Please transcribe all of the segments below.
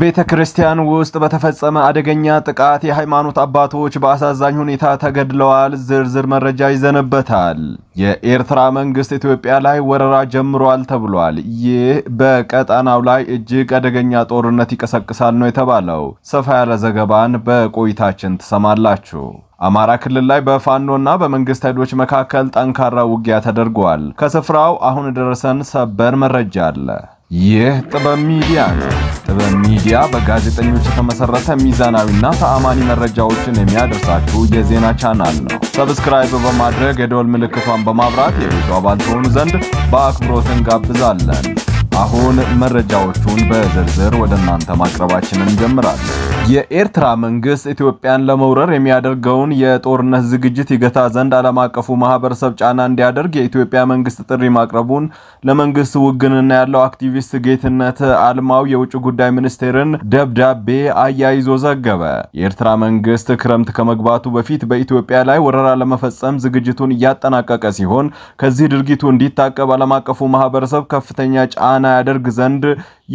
ቤተ ክርስቲያን ውስጥ በተፈጸመ አደገኛ ጥቃት የሃይማኖት አባቶች በአሳዛኝ ሁኔታ ተገድለዋል። ዝርዝር መረጃ ይዘንበታል። የኤርትራ መንግስት ኢትዮጵያ ላይ ወረራ ጀምሯል ተብሏል። ይህ በቀጠናው ላይ እጅግ አደገኛ ጦርነት ይቀሰቅሳል ነው የተባለው። ሰፋ ያለ ዘገባን በቆይታችን ትሰማላችሁ። አማራ ክልል ላይ በፋኖና በመንግስት ኃይሎች መካከል ጠንካራ ውጊያ ተደርጓል። ከስፍራው አሁን ደረሰን ሰበር መረጃ አለ። ይህ ጥበብ ሚዲያ ነው። ጥበብ ሚዲያ በጋዜጠኞች የተመሰረተ ሚዛናዊና ተአማኒ መረጃዎችን የሚያደርሳችሁ የዜና ቻናል ነው። ሰብስክራይብ በማድረግ የደወል ምልክቷን በማብራት የቤቱ አባል ትሆኑ ዘንድ በአክብሮት እንጋብዛለን። አሁን መረጃዎቹን በዝርዝር ወደ እናንተ ማቅረባችንን እንጀምራለን። የኤርትራ መንግስት ኢትዮጵያን ለመውረር የሚያደርገውን የጦርነት ዝግጅት ይገታ ዘንድ ዓለም አቀፉ ማህበረሰብ ጫና እንዲያደርግ የኢትዮጵያ መንግስት ጥሪ ማቅረቡን ለመንግስት ውግንና ያለው አክቲቪስት ጌትነት አልማው የውጭ ጉዳይ ሚኒስቴርን ደብዳቤ አያይዞ ዘገበ። የኤርትራ መንግስት ክረምት ከመግባቱ በፊት በኢትዮጵያ ላይ ወረራ ለመፈጸም ዝግጅቱን እያጠናቀቀ ሲሆን ከዚህ ድርጊቱ እንዲታቀብ ዓለም አቀፉ ማህበረሰብ ከፍተኛ ጫና ጫና ያደርግ ዘንድ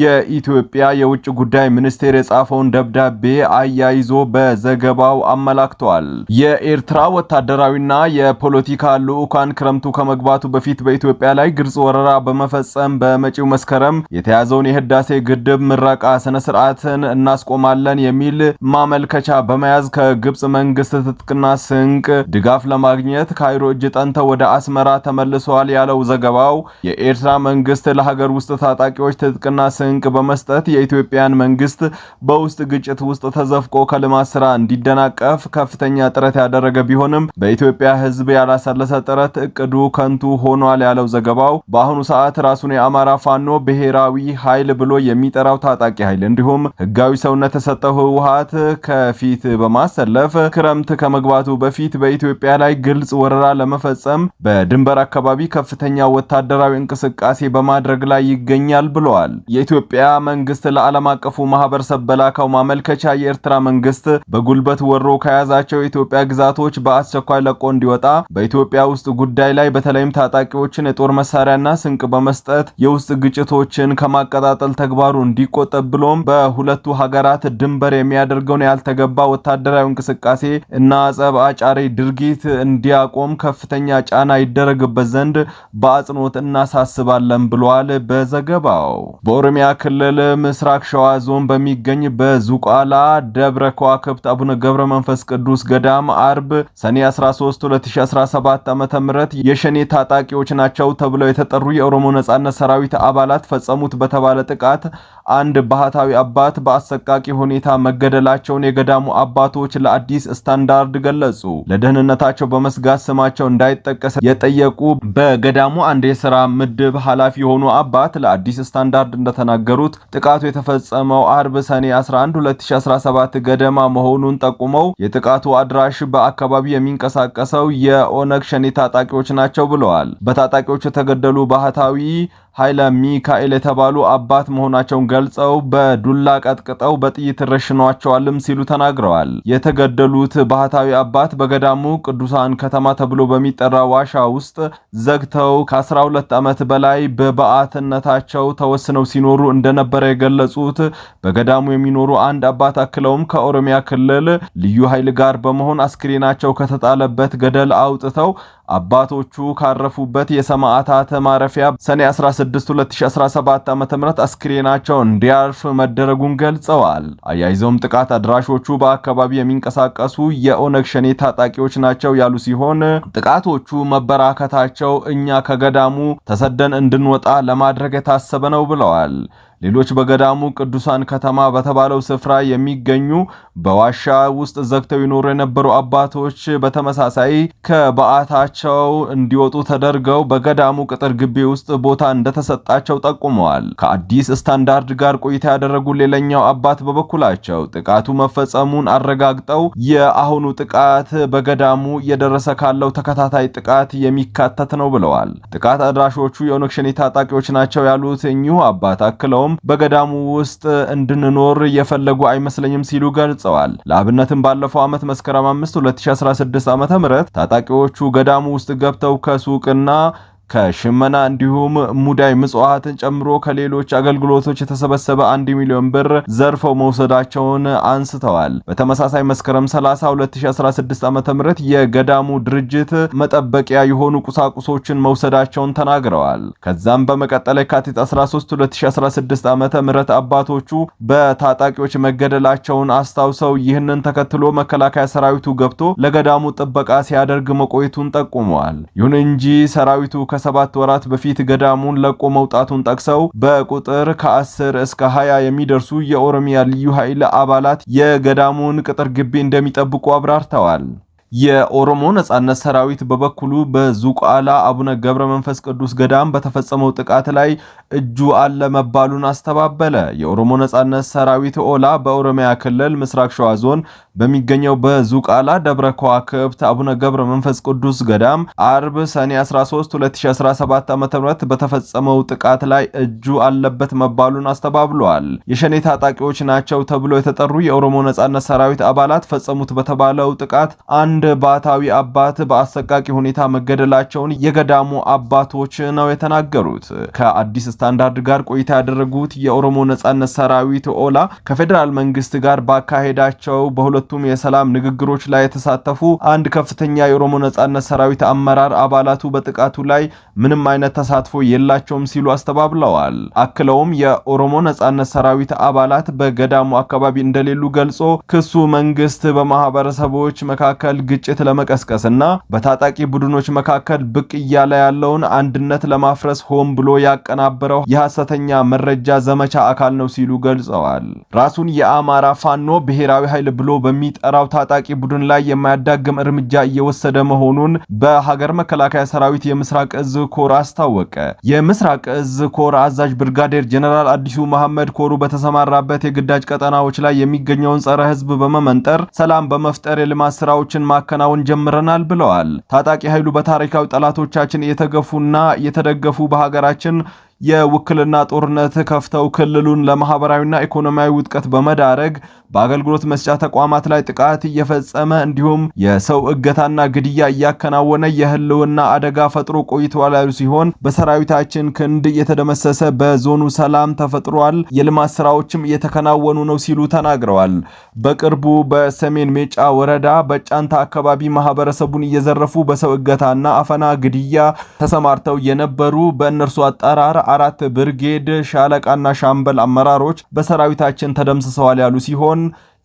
የኢትዮጵያ የውጭ ጉዳይ ሚኒስቴር የጻፈውን ደብዳቤ አያይዞ በዘገባው አመላክቷል። የኤርትራ ወታደራዊና የፖለቲካ ልዑካን ክረምቱ ከመግባቱ በፊት በኢትዮጵያ ላይ ግልጽ ወረራ በመፈጸም በመጪው መስከረም የተያዘውን የህዳሴ ግድብ ምረቃ ስነ ስርዓትን እናስቆማለን የሚል ማመልከቻ በመያዝ ከግብጽ መንግስት ትጥቅና ስንቅ ድጋፍ ለማግኘት ካይሮ እጅ ጠንተው ወደ አስመራ ተመልሰዋል ያለው ዘገባው የኤርትራ መንግስት ለሀገር ውስጥ ታጣቂዎች ትጥቅና ስንቅ ስንቅ በመስጠት የኢትዮጵያን መንግስት በውስጥ ግጭት ውስጥ ተዘፍቆ ከልማት ስራ እንዲደናቀፍ ከፍተኛ ጥረት ያደረገ ቢሆንም በኢትዮጵያ ህዝብ ያላሰለሰ ጥረት እቅዱ ከንቱ ሆኗል ያለው ዘገባው በአሁኑ ሰዓት ራሱን የአማራ ፋኖ ብሔራዊ ኃይል ብሎ የሚጠራው ታጣቂ ኃይል እንዲሁም ህጋዊ ሰውነት የተሰጠው ህወሀት ከፊት በማሰለፍ ክረምት ከመግባቱ በፊት በኢትዮጵያ ላይ ግልጽ ወረራ ለመፈጸም በድንበር አካባቢ ከፍተኛ ወታደራዊ እንቅስቃሴ በማድረግ ላይ ይገኛል ብለዋል። የኢትዮጵያ መንግስት ለዓለም አቀፉ ማህበረሰብ በላካው ማመልከቻ የኤርትራ መንግስት በጉልበት ወሮ ከያዛቸው የኢትዮጵያ ግዛቶች በአስቸኳይ ለቆ እንዲወጣ በኢትዮጵያ ውስጥ ጉዳይ ላይ በተለይም ታጣቂዎችን የጦር መሳሪያና ስንቅ በመስጠት የውስጥ ግጭቶችን ከማቀጣጠል ተግባሩ እንዲቆጠብ ብሎም በሁለቱ ሀገራት ድንበር የሚያደርገውን ያልተገባ ወታደራዊ እንቅስቃሴ እና ጸብ አጫሪ ድርጊት እንዲያቆም ከፍተኛ ጫና ይደረግበት ዘንድ በአጽንኦት እናሳስባለን ብሏል በዘገባው። በኦሮሚያ ክልል ምስራቅ ሸዋ ዞን በሚገኝ በዙቋላ ደብረ ከዋክብት አቡነ ገብረ መንፈስ ቅዱስ ገዳም አርብ ሰኔ 13 2017 ዓ.ም የሸኔ ታጣቂዎች ናቸው ተብለው የተጠሩ የኦሮሞ ነጻነት ሰራዊት አባላት ፈጸሙት በተባለ ጥቃት አንድ ባህታዊ አባት በአሰቃቂ ሁኔታ መገደላቸውን የገዳሙ አባቶች ለአዲስ ስታንዳርድ ገለጹ። ለደህንነታቸው በመስጋት ስማቸው እንዳይጠቀስ የጠየቁ በገዳሙ አንድ የስራ ምድብ ኃላፊ የሆኑ አባት ለአዲስ ስታንዳርድ እንደተ የተናገሩት ጥቃቱ የተፈጸመው አርብ ሰኔ 11 2017 ገደማ መሆኑን ጠቁመው የጥቃቱ አድራሽ በአካባቢ የሚንቀሳቀሰው የኦነግ ሸኔ ታጣቂዎች ናቸው ብለዋል። በታጣቂዎቹ የተገደሉ ባህታዊ ኃይለ ሚካኤል የተባሉ አባት መሆናቸውን ገልጸው በዱላ ቀጥቅጠው በጥይት ረሽኗቸዋልም ሲሉ ተናግረዋል። የተገደሉት ባህታዊ አባት በገዳሙ ቅዱሳን ከተማ ተብሎ በሚጠራ ዋሻ ውስጥ ዘግተው ከ12 ዓመት በላይ በበዓትነታቸው ተወስነው ሲኖሩ እንደነበረ የገለጹት በገዳሙ የሚኖሩ አንድ አባት አክለውም ከኦሮሚያ ክልል ልዩ ኃይል ጋር በመሆን አስክሬናቸው ከተጣለበት ገደል አውጥተው አባቶቹ ካረፉበት የሰማዕታት ማረፊያ ሰኔ 16 2017 ዓ.ም አስክሬናቸው እንዲያርፍ መደረጉን ገልጸዋል። አያይዘውም ጥቃት አድራሾቹ በአካባቢው የሚንቀሳቀሱ የኦነግ ሸኔ ታጣቂዎች ናቸው ያሉ ሲሆን ጥቃቶቹ መበራከታቸው እኛ ከገዳሙ ተሰደን እንድንወጣ ለማድረግ የታሰበ ነው ብለዋል። ሌሎች በገዳሙ ቅዱሳን ከተማ በተባለው ስፍራ የሚገኙ በዋሻ ውስጥ ዘግተው ይኖሩ የነበሩ አባቶች በተመሳሳይ ከበዓታቸው እንዲወጡ ተደርገው በገዳሙ ቅጥር ግቢ ውስጥ ቦታ እንደተሰጣቸው ጠቁመዋል። ከአዲስ ስታንዳርድ ጋር ቆይታ ያደረጉ ሌላኛው አባት በበኩላቸው ጥቃቱ መፈጸሙን አረጋግጠው የአሁኑ ጥቃት በገዳሙ እየደረሰ ካለው ተከታታይ ጥቃት የሚካተት ነው ብለዋል። ጥቃት አድራሾቹ የኦነግ ሸኔ ታጣቂዎች ናቸው ያሉት እኚሁ አባት አክለው ሆኖም በገዳሙ ውስጥ እንድንኖር የፈለጉ አይመስለኝም ሲሉ ገልጸዋል። ለአብነትም ባለፈው ዓመት መስከረም 5 2016 ዓ.ም ታጣቂዎቹ ገዳሙ ውስጥ ገብተው ከሱቅና ከሽመና እንዲሁም ሙዳይ ምጽዋትን ጨምሮ ከሌሎች አገልግሎቶች የተሰበሰበ አንድ ሚሊዮን ብር ዘርፈው መውሰዳቸውን አንስተዋል። በተመሳሳይ መስከረም 30 2016 ዓ.ም የገዳሙ ድርጅት መጠበቂያ የሆኑ ቁሳቁሶችን መውሰዳቸውን ተናግረዋል። ከዛም በመቀጠል የካቲት 13 2016 ዓ.ም አባቶቹ በታጣቂዎች መገደላቸውን አስታውሰው ይህንን ተከትሎ መከላከያ ሰራዊቱ ገብቶ ለገዳሙ ጥበቃ ሲያደርግ መቆየቱን ጠቁመዋል። ይሁን እንጂ ሰራዊቱ ከሰባት ወራት በፊት ገዳሙን ለቆ መውጣቱን ጠቅሰው በቁጥር ከአስር እስከ ሀያ የሚደርሱ የኦሮሚያ ልዩ ኃይል አባላት የገዳሙን ቅጥር ግቢ እንደሚጠብቁ አብራርተዋል። የኦሮሞ ነጻነት ሰራዊት በበኩሉ በዙቋላ አቡነ ገብረ መንፈስ ቅዱስ ገዳም በተፈጸመው ጥቃት ላይ እጁ አለ መባሉን አስተባበለ። የኦሮሞ ነጻነት ሰራዊት ኦላ በኦሮሚያ ክልል ምስራቅ ሸዋ ዞን በሚገኘው በዙቃላ ደብረ ከዋክብት አቡነ ገብረ መንፈስ ቅዱስ ገዳም አርብ ሰኔ 13 2017 ዓ.ም በተፈጸመው ጥቃት ላይ እጁ አለበት መባሉን አስተባብሏል። የሸኔ ታጣቂዎች ናቸው ተብሎ የተጠሩ የኦሮሞ ነጻነት ሰራዊት አባላት ፈጸሙት በተባለው ጥቃት አንድ ባታዊ አባት በአሰቃቂ ሁኔታ መገደላቸውን የገዳሙ አባቶች ነው የተናገሩት። ከአዲስ ስታንዳርድ ጋር ቆይታ ያደረጉት የኦሮሞ ነጻነት ሰራዊት ኦላ ከፌዴራል መንግስት ጋር ባካሄዳቸው በሁለቱም የሰላም ንግግሮች ላይ የተሳተፉ አንድ ከፍተኛ የኦሮሞ ነጻነት ሰራዊት አመራር አባላቱ በጥቃቱ ላይ ምንም አይነት ተሳትፎ የላቸውም ሲሉ አስተባብለዋል። አክለውም የኦሮሞ ነጻነት ሰራዊት አባላት በገዳሙ አካባቢ እንደሌሉ ገልጾ ክሱ መንግስት በማህበረሰቦች መካከል ግጭት ለመቀስቀስና በታጣቂ ቡድኖች መካከል ብቅ እያለ ያለውን አንድነት ለማፍረስ ሆን ብሎ ያቀናበረው የሐሰተኛ መረጃ ዘመቻ አካል ነው ሲሉ ገልጸዋል። ራሱን የአማራ ፋኖ ብሔራዊ ኃይል ብሎ በሚጠራው ታጣቂ ቡድን ላይ የማያዳግም እርምጃ እየወሰደ መሆኑን በሀገር መከላከያ ሰራዊት የምስራቅ እዝ ኮር አስታወቀ። የምስራቅ እዝ ኮር አዛዥ ብርጋዴር ጀነራል አዲሱ መሐመድ ኮሩ በተሰማራበት የግዳጅ ቀጠናዎች ላይ የሚገኘውን ጸረ ህዝብ በመመንጠር ሰላም በመፍጠር የልማት ስራዎችን ማከናወን ጀምረናል ብለዋል። ታጣቂ ኃይሉ በታሪካዊ ጠላቶቻችን የተገፉና የተደገፉ በሀገራችን የውክልና ጦርነት ከፍተው ክልሉን ለማህበራዊና ኢኮኖሚያዊ ውጥቀት በመዳረግ በአገልግሎት መስጫ ተቋማት ላይ ጥቃት እየፈጸመ እንዲሁም የሰው እገታና ግድያ እያከናወነ የህልውና አደጋ ፈጥሮ ቆይተዋል ያሉ ሲሆን በሰራዊታችን ክንድ እየተደመሰሰ በዞኑ ሰላም ተፈጥሯል፣ የልማት ስራዎችም እየተከናወኑ ነው ሲሉ ተናግረዋል። በቅርቡ በሰሜን ሜጫ ወረዳ በጫንታ አካባቢ ማህበረሰቡን እየዘረፉ በሰው እገታና አፈና ግድያ ተሰማርተው የነበሩ በእነርሱ አጠራር አራት ብርጌድ ሻለቃና ሻምበል አመራሮች በሰራዊታችን ተደምስሰዋል ያሉ ሲሆን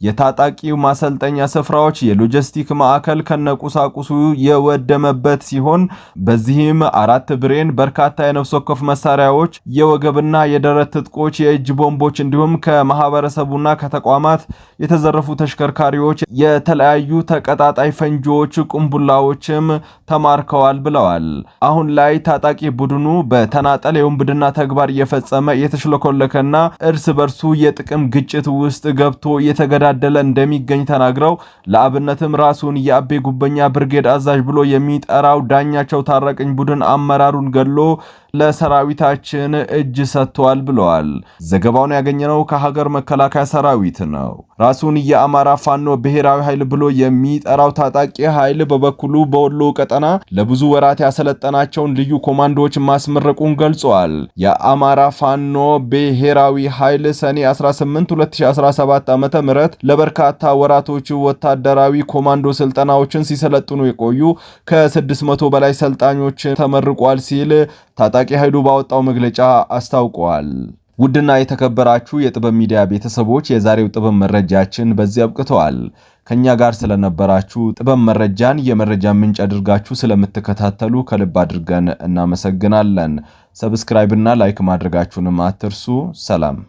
የታጣቂው ማሰልጠኛ ስፍራዎች የሎጂስቲክ ማዕከል ከነቁሳቁሱ የወደመበት ሲሆን በዚህም አራት ብሬን፣ በርካታ የነፍስ ወከፍ መሳሪያዎች፣ የወገብና የደረት ትጥቆች፣ የእጅ ቦምቦች እንዲሁም ከማህበረሰቡና ከተቋማት የተዘረፉ ተሽከርካሪዎች፣ የተለያዩ ተቀጣጣይ ፈንጂዎች፣ ቁምቡላዎችም ተማርከዋል ብለዋል። አሁን ላይ ታጣቂ ቡድኑ በተናጠል የውንብድና ተግባር እየፈጸመ የተሽለኮለከና እርስ በርሱ የጥቅም ግጭት ውስጥ ገብቶ እየተገዳ እያደለ እንደሚገኝ ተናግረው ለአብነትም ራሱን የአቤ ጉበኛ ብርጌድ አዛዥ ብሎ የሚጠራው ዳኛቸው ታረቀኝ ቡድን አመራሩን ገድሎ ለሰራዊታችን እጅ ሰጥቷል ብለዋል። ዘገባውን ያገኘነው ከሀገር መከላከያ ሰራዊት ነው። ራሱን የአማራ ፋኖ ብሔራዊ ኃይል ብሎ የሚጠራው ታጣቂ ኃይል በበኩሉ በወሎ ቀጠና ለብዙ ወራት ያሰለጠናቸውን ልዩ ኮማንዶዎች ማስመረቁን ገልጿል። የአማራ ፋኖ ብሔራዊ ኃይል ሰኔ 18 2017 ዓ.ም ለበርካታ ወራቶች ወታደራዊ ኮማንዶ ስልጠናዎችን ሲሰለጥኑ የቆዩ ከ600 በላይ ሰልጣኞች ተመርቋል ሲል ታጣቂ ኃይሉ ባወጣው መግለጫ አስታውቋል። ውድና የተከበራችሁ የጥበብ ሚዲያ ቤተሰቦች የዛሬው ጥበብ መረጃችን በዚህ አብቅተዋል። ከእኛ ጋር ስለነበራችሁ ጥበብ መረጃን የመረጃ ምንጭ አድርጋችሁ ስለምትከታተሉ ከልብ አድርገን እናመሰግናለን። ሰብስክራይብና ላይክ ማድረጋችሁንም አትርሱ። ሰላም